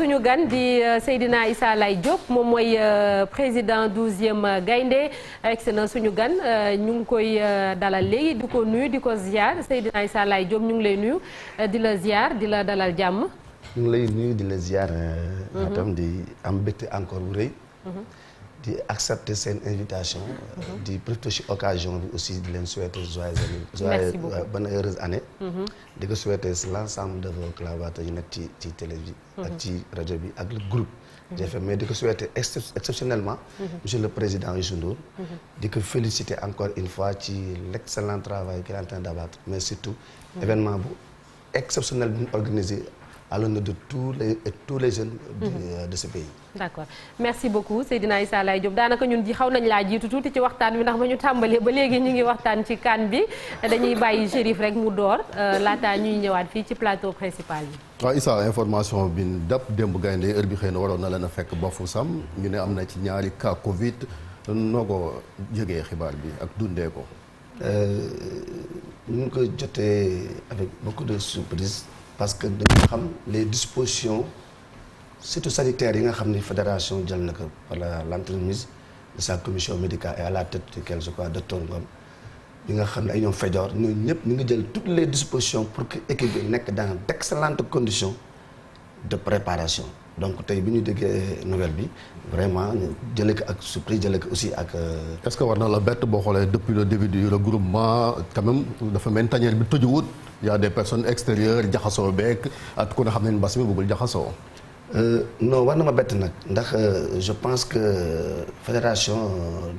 suñu gan di euh, Seydina Issa Laye Diop moom mooy euh, président douzième gaynde egg na suñu gan euh, ñu ngi koy dalal léegi di ko nuyu di ko ziar Seydina Issa Laye Diop ñu ngi lay nuyu di la ziar di la dalal jàmm. ñu ngi lay nuyu di la ziar. Mhm. atam di am mbégte encore bu rëy. Mhm. di accepter seen invitation. Mhm. di profiter ci occasion bi aussi di leen souhaiter joyeuse année. merci beaucoup euh, bonne heureuse année. Mhm. di ko souhaiter ci l'ensemble de vos collaborateurs yu nekk ci ci télé ak mhm. ci rajo bi ak le groupe. GFM mais di ko souhaiter exceptionnellement. monsieur le président Youssou Ndour. di ko féliciter encore une fois ci l'excellent travail qu'il est en mais surtout événement bu exceptionnel bu ñu à l'honneur de tout les et les jeunes. Mhm. Euh, de, ce pays. d'accord merci beaucoup Seydina Issa Laye Diop daanaka ñun ji xaw nañ laa jiitu tuuti ci waxtaan bi ndax ba ñu tàmbalee ba léegi ñu ngi waxtaan ci kan bi dañuy bàyyi Chérif rek mu door euh, laata ñuy ñëwaat fii ci plateau principal bi. waaw Issa information bi dab démb gaynde heure bi xëy na waroon na leen a fekk ba fu sam ñu ne am na ci ñaari cas Covid noo ko jógee xibaar bi ak dundee ko. ñu euh, ngi ko jotee avec parce que dañu xam les dispositions surtout sanitaires yi nga xam ni fédération jël na ko par l'entremise de sa commission médicale et à la tête duquel je crois docteur Ngom bi nga xam ne ay ñoom Fedor ñooñu ñëpp ñu ngi jël toutes les dispositions pour que équipe bi nekk dans d'excellentes conditions de préparation donc tey bi ñu déggee nouvelle bi vraiment jëlee ko ak surprise jëlee ko aussi ak. Euh, est-ce que war na la bett boo xoolee depuis le début du regroupement quand même dafa mel tanière bi tëjuwut y a des personnes extérieures jaxasoo beek at ku ne xam ne mbas mi bëggul jaxasoo. Euh, non war na ma bett nag ndax euh, je pense que fédération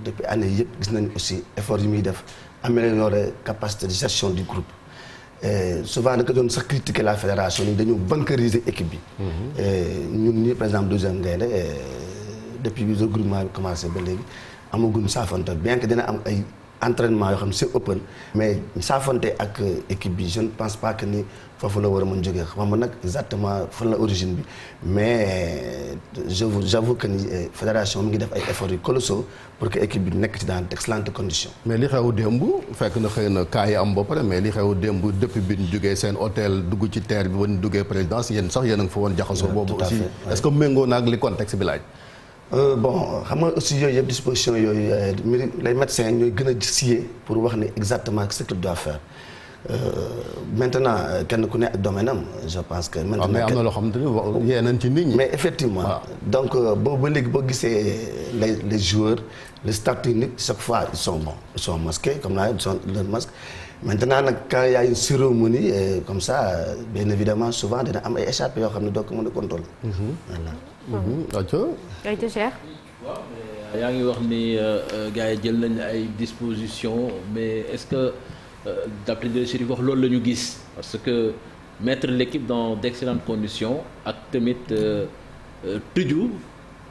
depuis année yëpp gis nañ aussi effort yi muy def améliorer capacité de gestion du groupe. Euh, souvent da nga doon sax critiquer la fédération ni dañoo bunkeriser équipe bi. Mhm. Euh, ñun nii par exemple deuxième gaynde euh, depuis bi groupement bi commencé ba léegi amaguñ saafanta bien que dana am ay. entraînement yoo xam ne c'est open mais saafante ak équipe bi je ne pense pas que ni foofu la war a mën jógee xam nga nag exactement fan la origine bi mais je vous j'avoue que ni eh, fédération mi ngi def ay efforts yu colossaux pour que équipe bi nekk ci dans d'excellentes conditions. mais li xew démb fekk na xëy na cas yi am ba pare mais li xew démb depuis bi ñu jógee seen hôtel dugg ci terre bi ba ñu duggee présidence yéen sax yéen a nga fa jaxasoo boobu aussi est-ce que méngoo na ak li contexte bi laaj. Euh, bon xam nga aussi yooyu yëpp disposition yooyu euh, lay médecins ñooy gën a siyee pour wax ne exactement ce qu'il doit faire euh, maintenant kenn ku ne ak domaine am je pense que. maintenant ah, mais am na loo xamante ni yee nañ ci nit ñi. mais effectivement ah. donc boobu ba léegi boo gisee les les joueurs les staff technique chaque fois ils sont bons ils sont masqués comme là ils sont leur masque maintenant nag quand y a une cérémonie comme ça bien évidemment souvent dina am ay échappé yoo xam ne doo ko mën a contrôler. Mhm. voilà. Mhm. Mhm. ayca Cheikh. waaw yaa ngi wax ni euh, euh, gars yi jël nañ ay dispositions mais est-ce que euh, d'après le chérif wax loolu la ñu gis parce que mettre l'équipe dans d'excellentes conditions ak tamit tëju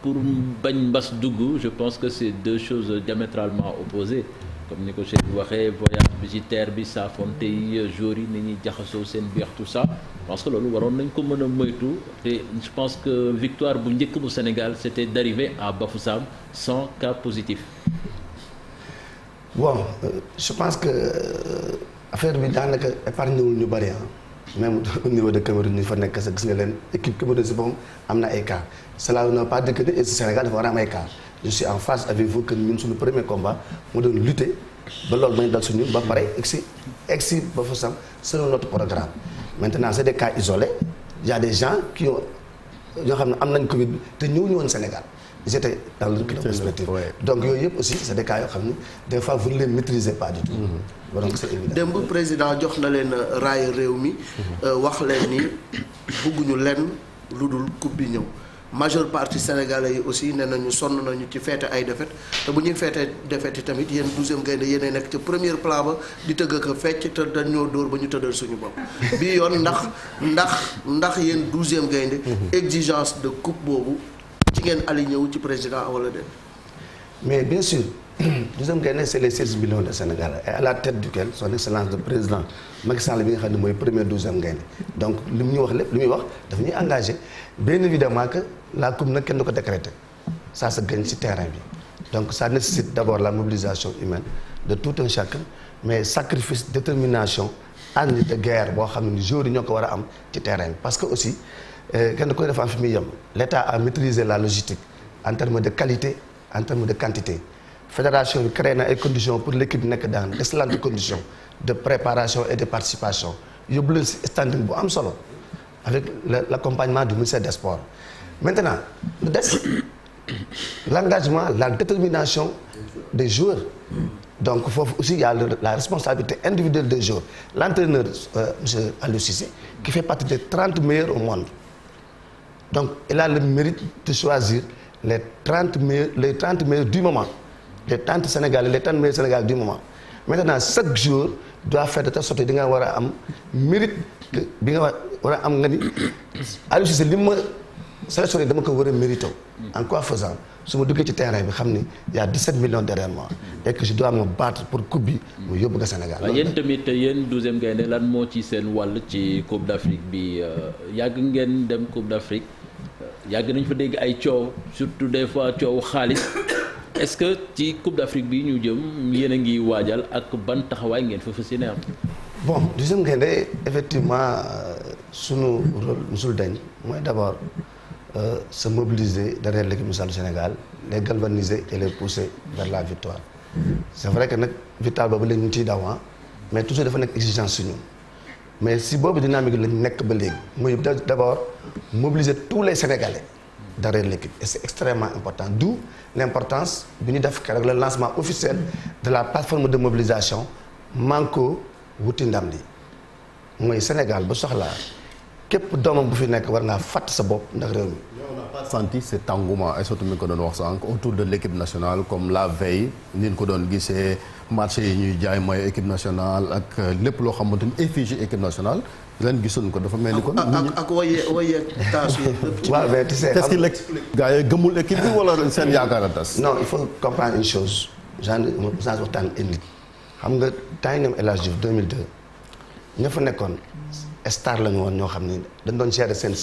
pour bañ mbas dugg je pense que c'est deux choses diamétralement opposées comme ni ko sëñ bi waxee voyage visitaire bi saafonte yi jour yi ni ñuy jaxasoo seen biir tout ça parce que loolu waroon nañ ko mën a moytu te je pense que victoire bu njëkk bu Sénégal c'était d'arriver à Bafoussam sans cas positif. bon euh, je pense que euh, affaire bi daanaka épargne wul ñu bari ah même au niveau de Cameroun ñu fa nekk sa gis nga leen équipe Cameroun si moom am na ay cas cela ne veut pas dire que Sénégal dafa war am ay cas. je suis en phase avec vous que ñun suñu premier combat mu doon lutter ba loolu may dal suñu ba pare egsi egsi ba fa sam selon notre programme maintenant c'est des cas isolés il y a des gens qui ont ñoo xam ne am nañ Covid bi te ñëwuñu woon Sénégal ils étaient dans leur perspective yooyu yëpp aussi c'est des cas yoo xam ne des fois vous ne les maîtrisez pas du mm-hmm. président jox na leen euh, raay réew mi mm-hmm. euh, wax leen ni bugguñu lenn lu dul coupe bi ñëw majeure partie sénégalais yi aussi ne nañu sonn nañu ci feete ay defet te bu ñuy feete defet yi tamit yéen douzième gaynde yéen nekk ci première plan ba di tëgg ko fecc te dañoo dóor ba ñu tëddal suñu bopp bii yoon ndax ndax ndax yéen douzième gaynde mhm. exigence de coupe boobu ci ngeen aligné wu ci président wala déet mais bien sûr douzième gaynde c'est les seize millions de Sénégalais et à la tête duquel son excellence de président Macky Sall bi nga xam ne mooy premier douzième gaynde donc li mu ñu wax lépp li muy wax dafa ñuy engagé bien évidemment que la coupe nag kenn du ko décréter ça se gagne ci terrain bi donc ça nécessite d'abord la mobilisation humaine de tout un chacun mais sacrifice détermination ànd de guerre boo xam ni jour yi ñoo ko war a am ci terrain bi parce que aussi euh, kenn du koy def am fi muy yem l'État a maîtrisé la logistique en termes de qualité en termes de quantité fédération bi créé na ay conditions pour l'équipe nekk dans d'excellentes condition de préparation et de participation yóbbu leen bu am solo avec l'accompagnement du ministère des sports maintenant lu des l'engagement la détermination des joueurs donc foofu aussi y a la responsabilité individuelle des joueurs l'entraîneur euh, monsieur Aliou Cissé qui fait partie des trente meilleurs au monde donc il a le mérite de choisir les trente meilleurs les trente meilleurs du moment les trente Sénégalais les trente meilleurs Sénégalais du moment maintenant chaque jour doit faire de telle sorte di nga war a am mérite bi nga war a am nga ni Aliou Cissé sélection yi dama ko war a mérité mm. en quoi faisant su ma duggee ci terrain bi xam ni y a 17 millions derrière moi mm. et que je dois me battre pour coupe bi mu yóbbu ko Sénégal waaw yéen tamit yéen douzième gaynde lan moo ci seen wàll ci coupe d'Afrique bi euh, yàgg ngeen dem coupe d'Afrique euh, yàgg nañ fa dégg ay coow surtout des fois coow xaalis est-ce que ci coupe d'Afrique bi ñu jëm yéen a ngi waajal ak ban taxawaay ngeen fa fas yéene am bon douzième gaynde effectivement euh, sunu rôle musul dañ mooy Euh, se mobiliser derrière l'équipe nationale du Sénégal les galvaniser et les pousser vers la victoire c'est vrai que nag victoire ba la ñu ciy daaw ah, mais toujours dafa nekk exigence suñu mais si boobu dynamique lañ nekk ba léegi muy d'abord mobiliser tous les Sénégalais derrière l'équipe et c'est extrêmement important d'où l'importance bi ñu def keroog le lancement officiel de la plateforme de mobilisation Manko wuti ndam li mooy Sénégal bu soxlaa képp doomam bu fi nekk war naa fàtt sa bopp ndax réew mi. on n'a pas senti cet engouement ay sotti mi ko doon wax sànq autour de l' équipe nationale comme la veille ni ñu ko doon gisee marché yi ñuy jaay mooy équipe nationale ak euh, lépp loo xamante ni effigie équipe nationale. ren gisuñu ko dafa mel ni kon. ak ak waye waye seen a tas. non il faut comprendre une chose xam nga temps yi ñoom El Hadj ña fa nekkoon. star la ñu woon ñoo xam ni dañ doon gérer seen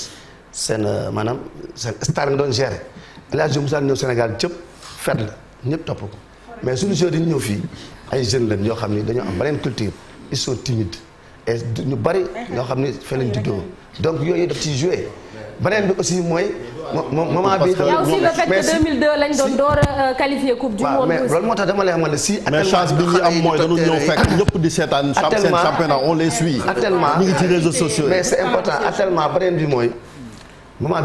seen euh, maanaam seen star nga doon gérer El Hadj Moussa ñëw Sénégal cëpp fet la ñëpp topp ko mais suñu jeunes yi ñëw fii ay jeunes lañ yoo xam ni dañoo am beneen culture ils sont timides et ñu bari ñoo xam ni fee lañ juddoo donc yooyu daf ciy joué beneen bi aussi mooy moment bi. yow si le fait que 2002 euh, moo tax dama lay xamal ne si. mais chance bi ñu am mooy dañu ñëw fekk ñëpp di seetaan.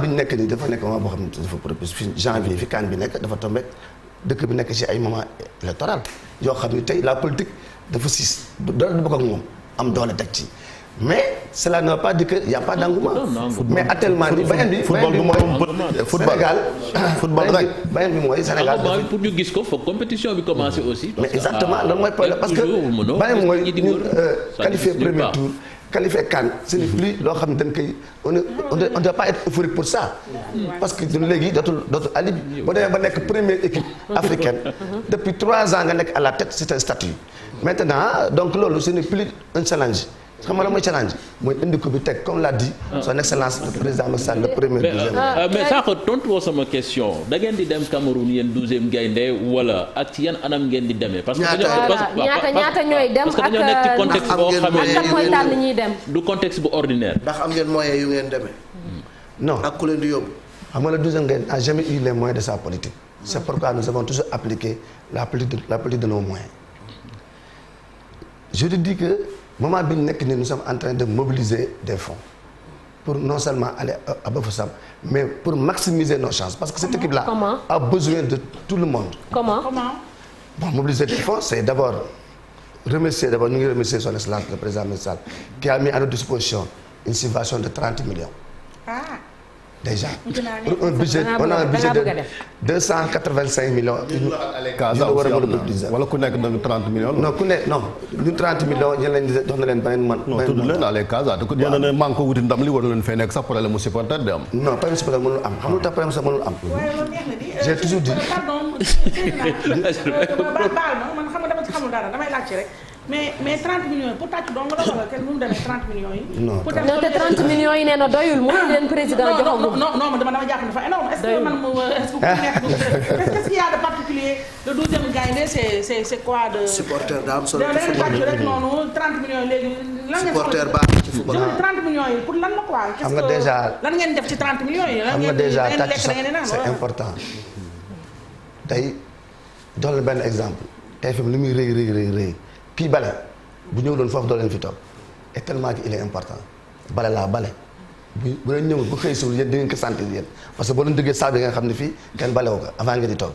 nekk nii dafa nekk moment boo xam ne dafa propice fi janvier fi kaan bi nekk dafa tombé dëkk bi nekk ci ay moment électoral yoo xam ne tey la politique dafa siis dara du bokk ak moom am doole teg ci. mais cela ne veut pas dire que y' a pas d' engouement. mais actuellement nii beneen bi. football du football Sénégal. football rek beneen bi mooy ah, Sénégal. pour ñu gis ko foog compétition bi commencé aussi. mais exactement ah, loolu mooy problème parce que beneen bi mooy ñu euh, qualifié premier tour. qualifié CAN ce n'est plus loo xam ne dañ koy on on doit pas être euphorique pour ça. parce que ñun léegi dootul dootul ali boo demee ba nekk première équipe africaine. depuis trois ans nga nekk à la tête c'est un statut. maintenant donc loolu ce n'est plus un challenge. xam nga la mooy challenge mooy indi ko bi teg comme l'a dit ah. son excellence le président Macky Sall le premier ah, ah, sama question da ngeen di dem Cameroun yéen douzième gaynde wala ak ci yan anam ngeen di demee parce que ñaata ñaata ñooy dem parce que dañoo nekk ci euh, contexte boo xam ne ñuy dem du ordinaire ndax am ngeen moyens yu ngeen demee hmm. non ak ku leen di yóbbu xam nga la douzième gaynde a jamais eu les moyens de sa politique c'est pourquoi nous avons toujours appliqué la politique de no moyens je te dis que moment bi ñu nekk nii nous sommes en train de mobiliser des fonds pour non seulement aller à Bafoussam mais pour maximiser nos chances parce que cette équipe là comment? a besoin de tout le monde comment comment bon mobiliser des fonds c'est d'abord remercier d'abord ñu ngi remercier son excellence le président Macky Sall qui a mis à notre disposition une subvention de 30 millions ah. déjà pour un budget on a un budget de deux cent war a wala ku nekk nag trente millions. non ku nekk non ñun trente millions ñu leen di jox na leen beneen man. non tudd leen Allez Casa te ku ñu ne maa ko wuti ndam li war leen fay nekk sax problème mu supporter di am. non problème supporter mënul am xam nga problème sax mënul am. Euh, j'ai toujours dit. man xam nga dama ci xamul dara damay laajte rek. mais mais 30 millions pour tàcc dong la wala kenn na doyul am solo ci football rek noonu tey jox la benn exemple TFM li muy rëy rëy rëy rëy. kii bale bu ñëw doon foofu doo leen fi toog et tellement que il est important bale laa bale bu bu leen ñëwul bu xëy suul yéen di ngeen ko sentir yéen parce que boo leen duggee salle bi nga xam ne fii kenn balewu ko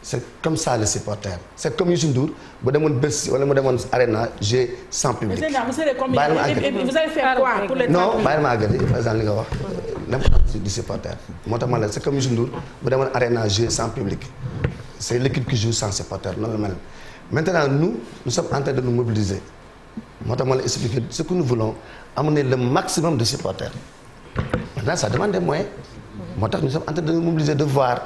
c' est comme ça les supporters c' est comme Youssou Ndour bu demoon bés wala mu demoon arena j'ai sans public bàyyi ma àggati non bàyyi ma àggati par exemple li wax l'importance moo tax ma c' est comme Youssou Ndour bu demoon arena l' équipe qui joue sans supporter noonu la mel maintenant nu nous sommes en train de nous mobiliser moo tax ma la expliquer ce que nous voulons amener le maximum de supporters maintenant ça demande des moyens moo tax ñu sommes en train de nous mobiliser de voir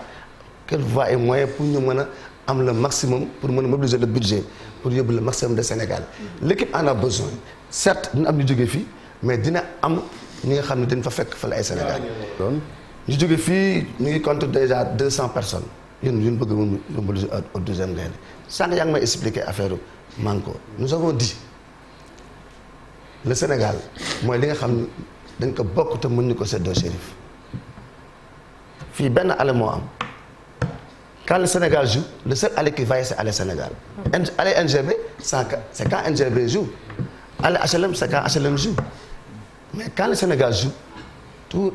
quelle voie et moyen pour ñu mën a am le maximum pour mën a mobiliser le budget pour yóbbu le maximum de Sénégal l'équipe en a besoin certes dina am ñu jógee fii mais dina am ñi nga xam ne dañ fa fekk fa la ay Sénégal ñu jóge fii ñu ngi compte déjà deux cent personnes ñun ñun bëgg moom mobiliser au deuxième sànq yaa ngi may expliquer affaire manko nous avons dit le Sénégal mooy li nga xam ni dañ ko bokk te mën ñu ko seddoo Chérif fii benn ale moo am quand le Sénégal joue le seul ale qui vaille c'est ale Sénégal. ale NGB c'est quand NGB joue ale HLM c'est quand HLM joue mais quand le Sénégal joue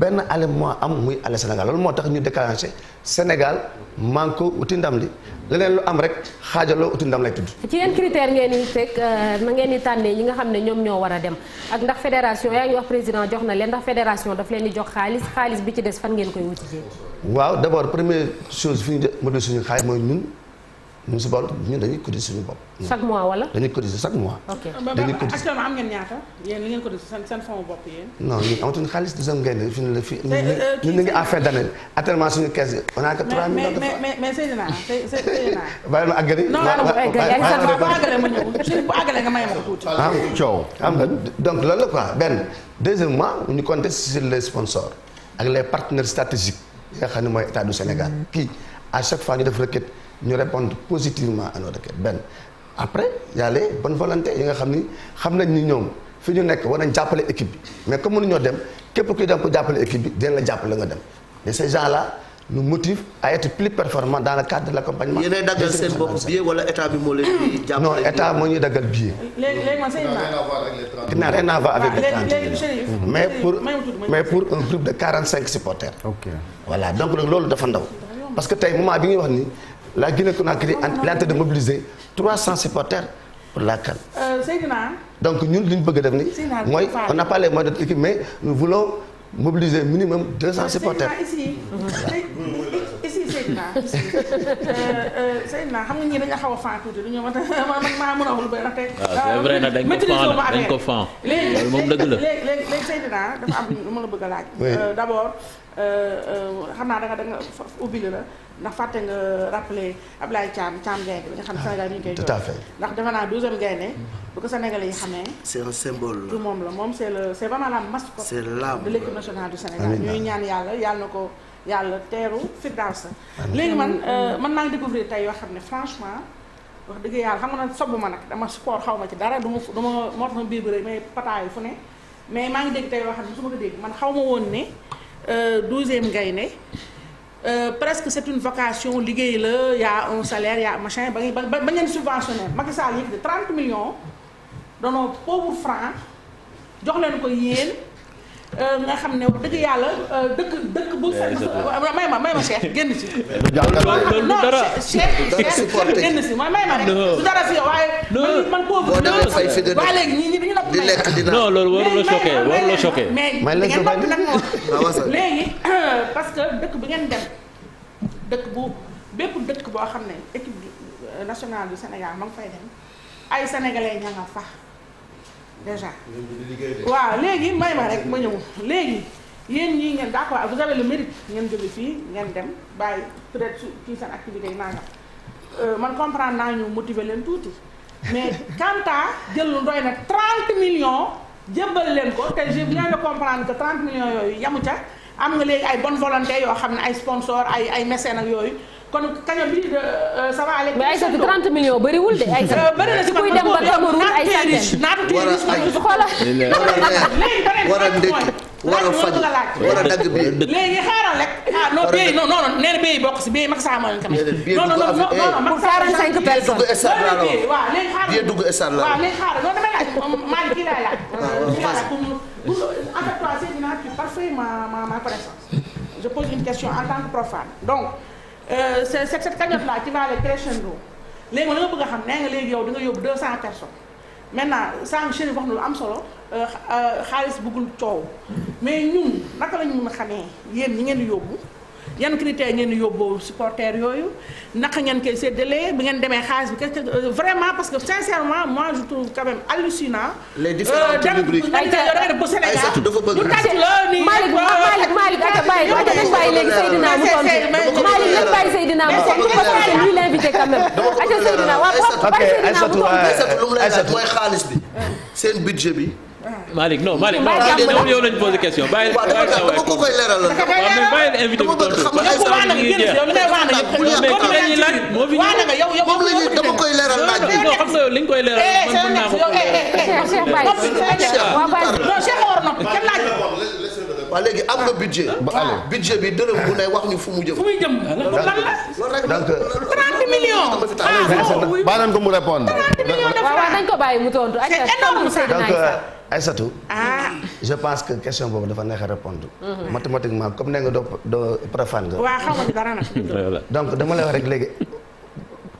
benn ale moo am muy ale Sénégal loolu moo tax ñu déclenché Sénégal manko uti ndam li leneen lu am rek xaajaloo uti ndam lay tudd. ci yenn critère ngeen di teg na euh, ngeen di tànnee ñi nga xam ne ñoom ñoo war a dem ak ndax fédération yaa ngi wax président jox na leen ndax fédération daf leen di jox xaalis xaalis bi ci des fan ngeen koy wuti. waaw d' abord première chose fi ñu mën suñu xaalis mooy ñun. si municipal ñun dañuy cotiser suñu bopp. chaque mois wala. dañuy cotiser chaque mois. ok dañuy cotiser actuellement am ngeen ñaata. yéen li xaalis di seen ngeen fi ñu ne fii. ñun ñu ngi en fin d'année actuellement suñu caisse yi on a mais mais mais Seydina Seydina. bàyyi ma àggali. non non ko tuuti. ah coow xam nga donc loolu la quoi benn deuxièmement ñu compter sur les sponsors ak les partenaires stratégiques yi nga xam ne mooy état du Sénégal mm-hmm. kii à chaque fois ñu def requête ñu répondre positivement à nos requêtes benn après y a les yi nga xam ni xam nañ ni ñoom fi ñu nekk war nañ jàppale équipe bi mais comme mënuñoo dem képp kuy dem ko jàppale équipe bi dinañ la jàppale nga dem à être plus performants dans le cadre de l'accompagnement. yéenay daggal seen bopp billet wala état bi moo leen di jàppale moo ñuy daggal billet. léegi léegi man sëñ ah, mais pour mais pour un groupe de 45 supporters. ok voilà donc loolu dafa ndaw. parce que tey moment bi ñuy wax ni. la Guinée-Conakry il est en train de mobiliser 300 supporters pour la CAN. Euh, donc ñun li ñu bëgg a def nii. mooy on n'a pas les moyens de l'équipe mais nous voulons mobiliser minimum 200 supporters. Seydina Seydina eh, eh, Seydina xam nga ñii dañu xaw a fan tuuti du ñu man maa mën a wax lu bëri ndax tey. waaw la léegi léegi Seydina dafa am lu ma la bëgg a laaj. Euh, d'abord euh, euh, xam naa da nga ubbi la ndax fàtte nga rappelé Ablaye Thiam Thiam Gaye bi nga xam ne ah, Sénégal mi ngi koy tout à fait ndax defe naa douzième Gaye bu ko Sénégalais yi xamee. c'est un symbole la moom la moom c'est le c'est vraiment la mascotte. c'est l'âme de l'équipe nationale du Sénégal ñuy ñaan yàlla yàlla na ko. yàlla teeru sa léegi man euh, man naa ngi découvrir tey yoo xam ne franchement wax dëgg yàlla xam nga nag sob ma nag dama sport xaw ma ci dara duma ma du ma moo tax ma biir bi rek mais pataayu fu ne mais maa ngi dégg tey yoo xam ne su ma ko dégg man xaw ma woon ne euh, douzième gaynde euh, presque cet une vocation liggéey la y a un salaire y a ba ngeen ba ngeen subventionné Macky Sall yëg de 30 millions danoo pauvre franc jox leen ko yéen Euh, nga xam ne wax dëgg yàlla euh, dëkk dëkk bu eh, may ma may ma Cheikh génn ci loolu dara Cheikh Cheikh génn ci may ma rek du dara ci waaye man boobu waaye léegi ñii ñi dañu napp di lekk dina non loolu waru la choqué waru la mais da ngeen nag moom léegi parce que dëkk bu ngeen dem dëkk bu bépp dëkk boo xam ne équipe euh, nationale du Sénégal ma ngi fay dem ay sénégalais ña nga fax déjà waaw léegi may ma rek ma ñëw léegi yéen ñii ngeen d'accord vous avez le mérite ngeen jóge fii ngeen dem bàyyi peut-être ci seen activité yi nangam euh, man comprendre naa ñu motiver leen tuuti mais quant à jël lu doy na 30 millions jébbal leen ko te je viens de comprendre que 30 millions yooyu yamu ca am nga léegi ay bonne volonté yoo xam ne ay sponsor ay ay mécènes ak yooyu kon kaña bi euh, euh, ça va aller. mais Aïssatou 30 millions bëriwul de Aïssatou. Euh, bëri na si kuy dem ba Cameroun ay centaines. naatu tey riche naatu tey riche war a ndékki war a faj war a dagg bi léegi xaaral rek ah non béy non non nee na béy bokk si béy mag saa ma leen tamit. non non non non pour 45 personnes. waaw léegi xaaral biy dugg stade la waaw léegi xaaral non damay laaj maa ngi kii laay laaj. Ah, en fait toi c'est parfait ma ma ma connaissance. je pose une question en tant que profane donc. Euh, cette cette cagnotte là qui va aller crescendo léegi ma la bëgg a xam nee nga léegi yow di nga yóbbu 200 personnes maintenant sànq Chérif wax na lu am solo euh, euh, xaalis bëggul coow mais ñun naka la ñu mën a xamee yéen ñi ngeen di yóbbu. yan critères ngeen yóbboo supporters yooyu naka ngeen koy séddalee bi ngeen demee xaalis bi que vraiment parce que sincèrement moi je trouve quand même hallucinant. les différentes rubriques ay seetu dafa bëgg lu tàcc la nii Malick Malick Malick aka bàyyi aka dañ bàyyi léegi Seydina mu tontu Malick lañ bàyyi Seydina mu tontu parce que c'est lui l'invité quand même aka Seydina waaw ok Aïssatou Aïssatou lu mu lay laaj mooy xaalis bi seen budget bi Malick non Malick non ñoom yow lañ posé question bàyyi dama ko koy leeral la bàyyi invité bi tontu xam nga ay sarax mi ngi jeex moom la ñuy dama koy leeral laaj bi non xam nga li nga koy leeral man mën naa ko waaw léegi am nga budget. ba amee ah, budget bi dërëm bu ne wax ñu fu mu jëm. fu muy jëm lan la. ko mu répondre. 30 millions de francs dañ ko bàyyi euh, ah. pense que question boobu dafa neex a répondre. Mhm. mathématiquement comme nee nga doo doo profane nga. donc dama la wax rek léegi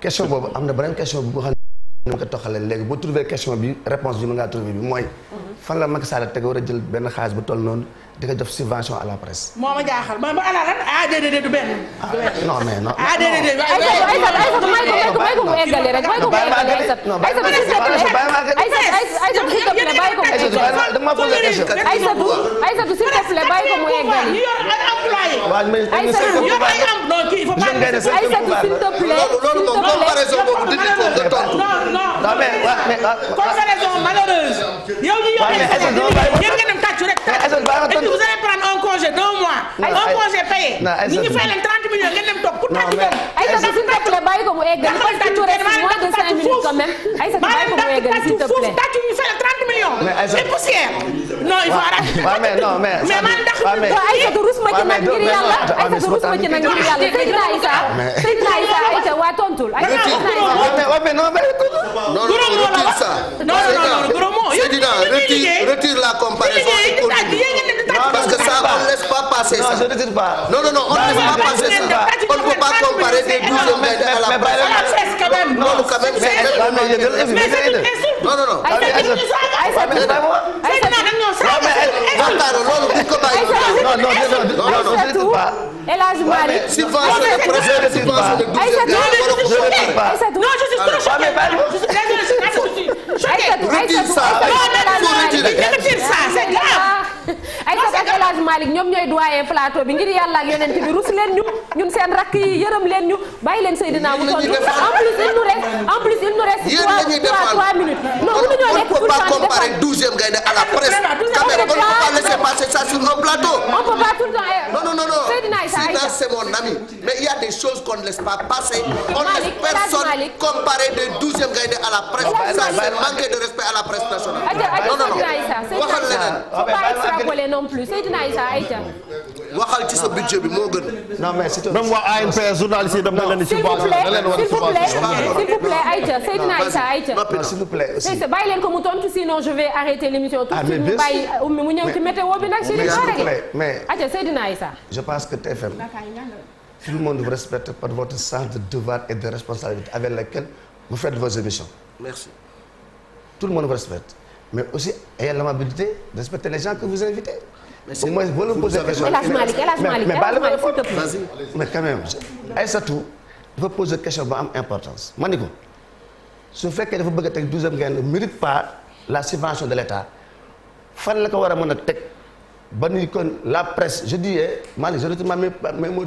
question boobu am na beneen question bu nga xam ne ko toxalee léegi bu trouver question bi réponse bi mën ngaa trouver bi mooy. Mhm. fan la Macky Sall teg war a jël benn xaalis bu toll noonu. di ko def subvention à la presse. moo ma jaaxal man ma ala lan ADD du benn. non mais non. ADD du ay may ko mu eggalee rek may ko mu eggalee Aïssatou. non bàyyi ma Aïssatou s'il te plaît waaw mais comparaison euh, malheureuse. yow ñu yónnee si sa yéen nga dem tàccu rek. et puis vous allez prendre un congé d'un mois. un congé payé. ñu ngi fay leen 30 millions ngeen dem toog pour tàccu dem. Aïssa si tàccu la bàyyi ko mu eggal parce que tuure si moins de 5 minutes quand même. Aïssa bàyyi ko mu eggal s'il te plaît. tàccu ñu fay la 30 millions. mais Aïssa c'est poussière. non il faut arrêter. waaw mais non mais. mais man ndax. waaw mais Aïssa rus ma ci nag ngir yàlla. Aïssa rus ma ci nag ngir yàlla. sëñ Aïssa sëñ Aïssa Aïssa waa tontul. Aïssa goro moo la wax non non goro moo Seydina retire retire la comparaison parce que ça on ne laisse pas passer ça non je ne retire pas non non non on ne laisse pas passer ça on ne peut pas comparer des douze hommes à la presse quand même loolu quand même c'est non non non ko bàyyi. non non non je ne sais pas. Elage Malick. ñoom ñooy doyen plateau bi ngir yàlla ak yonent bi rus leen ñu ñun seen rakk yi yërëm leen ñu bàyyi leen Seydina mu tontu en plus il nous reste en plus il nous reste trois minutes non mënuñoo nekk pour pas comparer douzième gaynde à la presse quand même on ne peut pas laisser passer ça sur un plateau. on peut pas tout le temps. Eh. non non non non. c'est mon ami mais il y choses qu'on ne laisse personne comparer des douzième gaynde à la presse ça c'est manquer de respect à la presse nationale non non non waxal leneen non plus sa budget bi moo gën non mais c'est même waa ANPS journaliste yi dem na leen subventionné da leen war sinon je vais arrêter l'émission tout de ah, suite mu bàyyi mu ñëw ci météo bi nag ci li ko rek mais Aïcha Seydina Issa je pense que TFM Tout le monde vous respecte par votre sens de devoir et de responsabilité avec laquelle vous faites vos émissions. Tout le monde vous respecte. Mais aussi, ayez l'amabilité de respecter les gens que vous invitez. Au moins, vous leur posez question. Mais baal ma répondre. Mais quand même, Aïssatou dafa poser question bu am importance. ma ni ko su fekkee dafa bëgg teg douzième gaynde ne mérite pas la subvention de l'État fan la ko war mën a teg. ba ni kon la presse je dis eh Malick je retire mes mots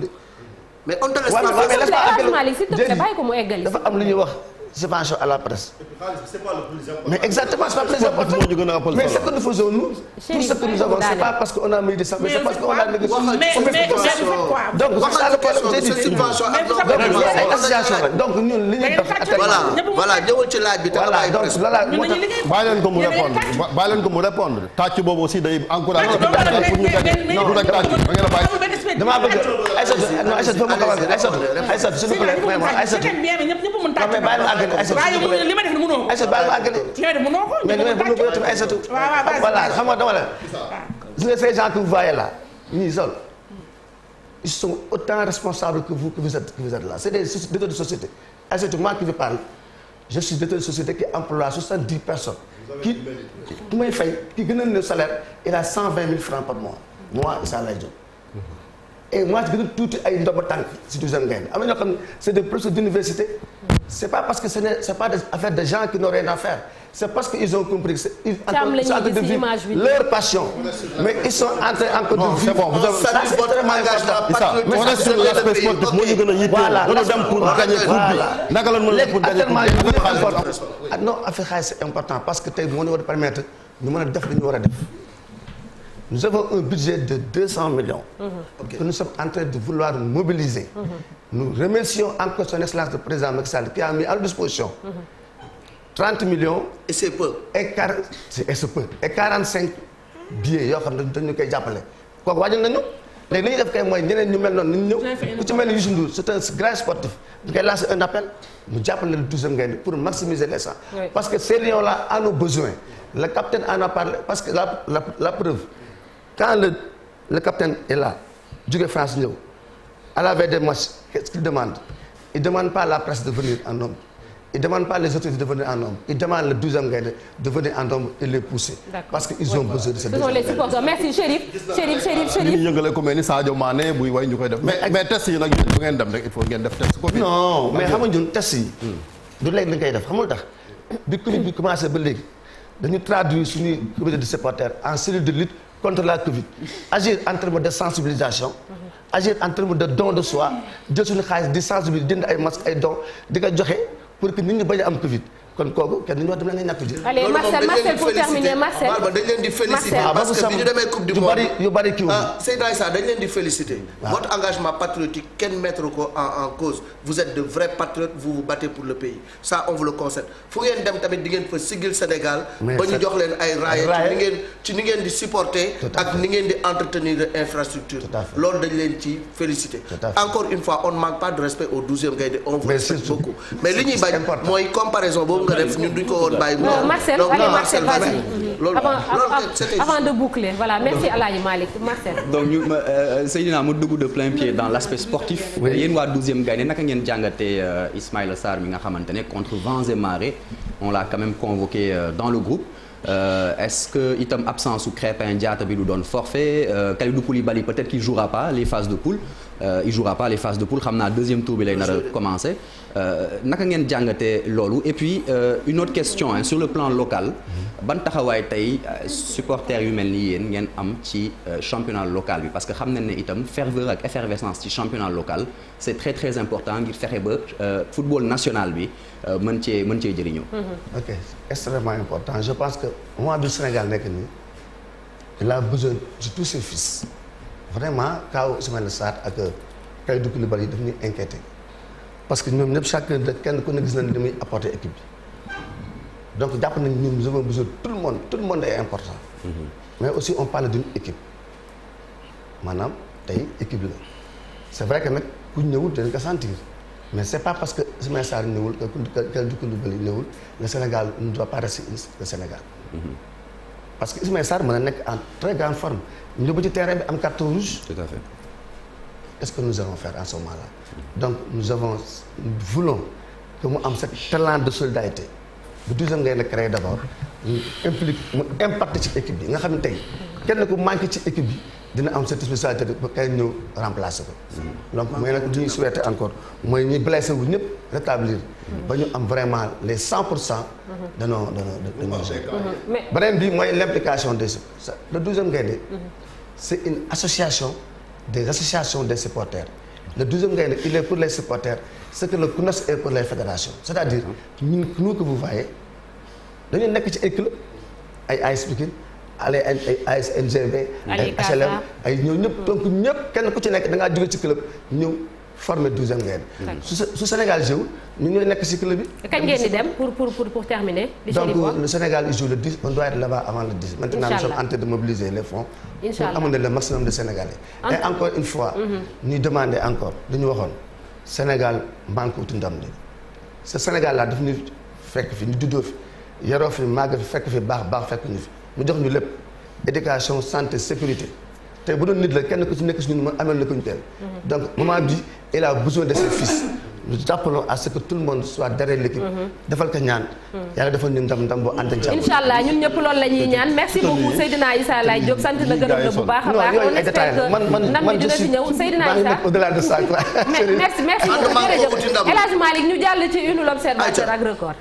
mais on te laisse pas, mais laisse pas Malick, s'il te plaît, bàyyi ko mu eggali dafa am lu ñuy wax subvention à la presse. mais exactement c'est pas le plus important. mais ce que nous faisons nous. tout ce que nous avons c'est pas parce que on a mis des mais c'est parce que on a négocié. donc c'est ça le problème c'est subvention ak donc donc ñun li ñuy def. voilà voilà ñëwal ci laaj bi. voilà donc lala moo tax. bàyyi leen ko mu répondre bàyyi leen ko mu répondre tàcc boobu aussi day encouragé. pour ñu tàcc non rek tàcc da ngeen a bàyyi. damaa bëgg Aïssatou non Aïssatou foofu ma xamal Aïssatou Aïssatou s'il vous plaît vraiment Aïssatou. àggale Aïssatou waaye yow li ma def mënoo ko. Aïssatou baal ma àggale. li ma def mënoo ko. mais li ma bëgg ko yow tamit Aïssatou. voilà xam nga dama la. gis nga ces gens que vous voyez là ñuy sol ils sont autant responsables que vous que vous êtes que vous êtes là c'est des détenteurs de société Aïssatou moi qui vous parle je suis détenteur de société qui emploie soixante-dix personnes. ki ku may fay ki gën a néew salaire il a cent vingt mille francs par mois moi Issa Laye Diop. et moi gën a tuuti ay ndomba tànk si douzième gaynde am xam ne c' est des professeurs d' pas parce que ce n'est c' est pas des gens qui n'ont rien à faire parce que ils ont compris que ils sont de vivre leur passion mais ils sont en encore de vivre moo ñu gën a yitteel voilà dem pour gagner coupe bi naka la mën a pour gagner affaire xaalis c'est important parce que tey moo ñu war permettre ñu mën a def li war a def nous avons un budget de 200 millions. Mm -hmm. okay. que nous sommes en train de vouloir mobiliser. Mm -hmm. Nous remercions encore son président Macky Sall qui a disposition. Mm millions. et c'est peu. et car et c'est peu et 45 billets yoo xam ne dañu koy jàppale kooku waajal nañu. léegi li mel noonu nañu ñëw ku ci grand sportif di koy lancer un appel mu jàppale le douzième Gaïndé pour maximiser les parce que ces lions là en besoin le capitaine en a parlé quand le le capitaine est là France ñëw à la veille des matchs ce qu'il demande il demande pas la presse de venir en nombre il demande pas les autorités de venir en nombre il demande le douzième Gaïndé de venir en nombre et les pousser. parce que ils ont besoin de cette. merci Chérif. Chérif Chérif Chérif. ñu yëngale ku mel ni mais mais test test. yi. Hmm. du léegi lañ koy def xam nga bi commencé ba léegi dañu su suñuy comité de supporters en contre la Covid agir en termes de sensibilisation agir en termes de don de soi jël suñu xaalis di sensibiliser jënd ay masques ay dons di ko joxe pour que nit ñi bañ am Covid kon kooku kenn duñu wax dama dañ leen di félicité ah, ah, que bi ah, leen di félicité. waaw votre engagement patriotique kenn mettre ko en cause vous êtes de vrais patriotes vous vous pour le pays ça on vous le ngeen dem tamit di ngeen fa sigil Sénégal. ba ñu jox leen ay raaya ci ni ngeen ci di supporter. ak ni ngeen di entretenir infrastructure. loolu dañ leen ci félicité. encore une fois on ne manque pas de respect au douzième gaynde on vous respecte beaucoup mais a def ñun duñ ko woon bàyyi. non Marcel de boucler voilà euh, euh, pied dans l' aspect sportif. yéen waa 12e Gaïndé naka ngeen jàngatee euh, Ismaïla Sarr mi nga xamante ne contre vents et marées on l'a quand convoqué dans le groupe. est-ce que itam absence su Krépin Diatta bi du doon forfait euh, Kalidou Koulibaly peut-être qu'il jouera pas les phases de poule Euh, il jouera pas les phases de poule xam naa deuxième tour bi lay nar a euh, naka ngeen jàngatee loolu et puis euh, une autre question hein, sur le plan local ban taxawaay tey supporters yu mel ni yéen ngeen am ci championnat local bi parce que xam na ni itam ferveur ak effervescence ci championnat local c'est très très important ngir fexe ba football national bi mën cee mën ce jëriñoo. Mm-hmm. ok que moment de tous vraiment cas Ismaïla Sarr ak euh, Kalidou Koulibaly daf ñuy inquiété parce que ñoom ñëpp chacun de kenn ku gis nañ li muy apporter équipe bi donc nañ ñun nous avons besoin tout le monde tout le monde est mm-hmm. aussi on parle d'une maanaam tey équipe la c'est vrai que nag ku ñëwul dañ ko sentir mais c'est pas parce que Ismaïla Sarr ñëwul que Kalidou Koulibaly ñëwul le Sénégal ne doit pas rester le Sénégal. Mm-hmm. parce que Ismaïla Sarr nekk en très grande forme. ñu yóbbu ci terrain bi am carte rouge. tout à fait. qu'est-ce que nous allons faire en ce donc nous avons nous voulons mu am ce talent de solidarité bu deuxième ngay na créé d'abord mu implique mu impacté ci équipe bi nga xam ni tey kenn ku manqué ci équipe bi. dina am cette spécialité ba kenn ñëw remplacer ko. Mm-hmm. donc mooy nag li ñuy mm-hmm. encore mooy ñi blessé wu ñëpp rétablir. Mm-hmm. ba ñu am vraiment les 100 pour cent. danoo danoo danoo. beneen bi mooy l' implication des le douzième gaynde. c' une association des associations des supporters le douzième gaynde il est pour les supporters ce le CNOSS est pour les fédérations c' est à dire ñun nous que vous voyez dañu nekk ci ay ay AS Pikine ale ay ay HLM ay ñëw ñëpp donc ñëpp kenn ku ci nekk da ngaa ci club ñëw formé douzième ngeen su su Sénégal joue ñu ñooy nekk ci club bi kañ ngeen di dem pour pour pour terminer donc le Sénégal il joue le 10 on doit être là-bas avant en train de mobiliser les fonds pour amener le maximum de Sénégalais et encore une fois mm-hmm. ñuy demander encore lu waxoon Sénégal manque wutu ndam de ce Sénégal la daf ñu fekk fi ñu juddoo fi yaroo fi màgg fi fekk fi baax baax fekk ñu fi mu jox ñu lépp éducation santé sécurité tey bu doon nit la kenn ku ci nekk si ñun amel na ko ñu teel. Mhm. donc maman bi elle a besoin de ses fils. nous appelons ce que tout le soit derrière l'équipe. Mhm. defal ko ñaan. Mhm. yàlla defal ñu ndam ndam boo ànd ak jàmm. incha allah ñun ñëpp loolu la ñuy ñaan merci beaucoup Seydina Issa Laye Diop sant na gërëm na bu baax a baax. man man man dina fi ñëw Seydina Issa de ça quoi. merci merci beaucoup jërëjëf El Hadj Malick ñu jàll ci une l'observateur ak record.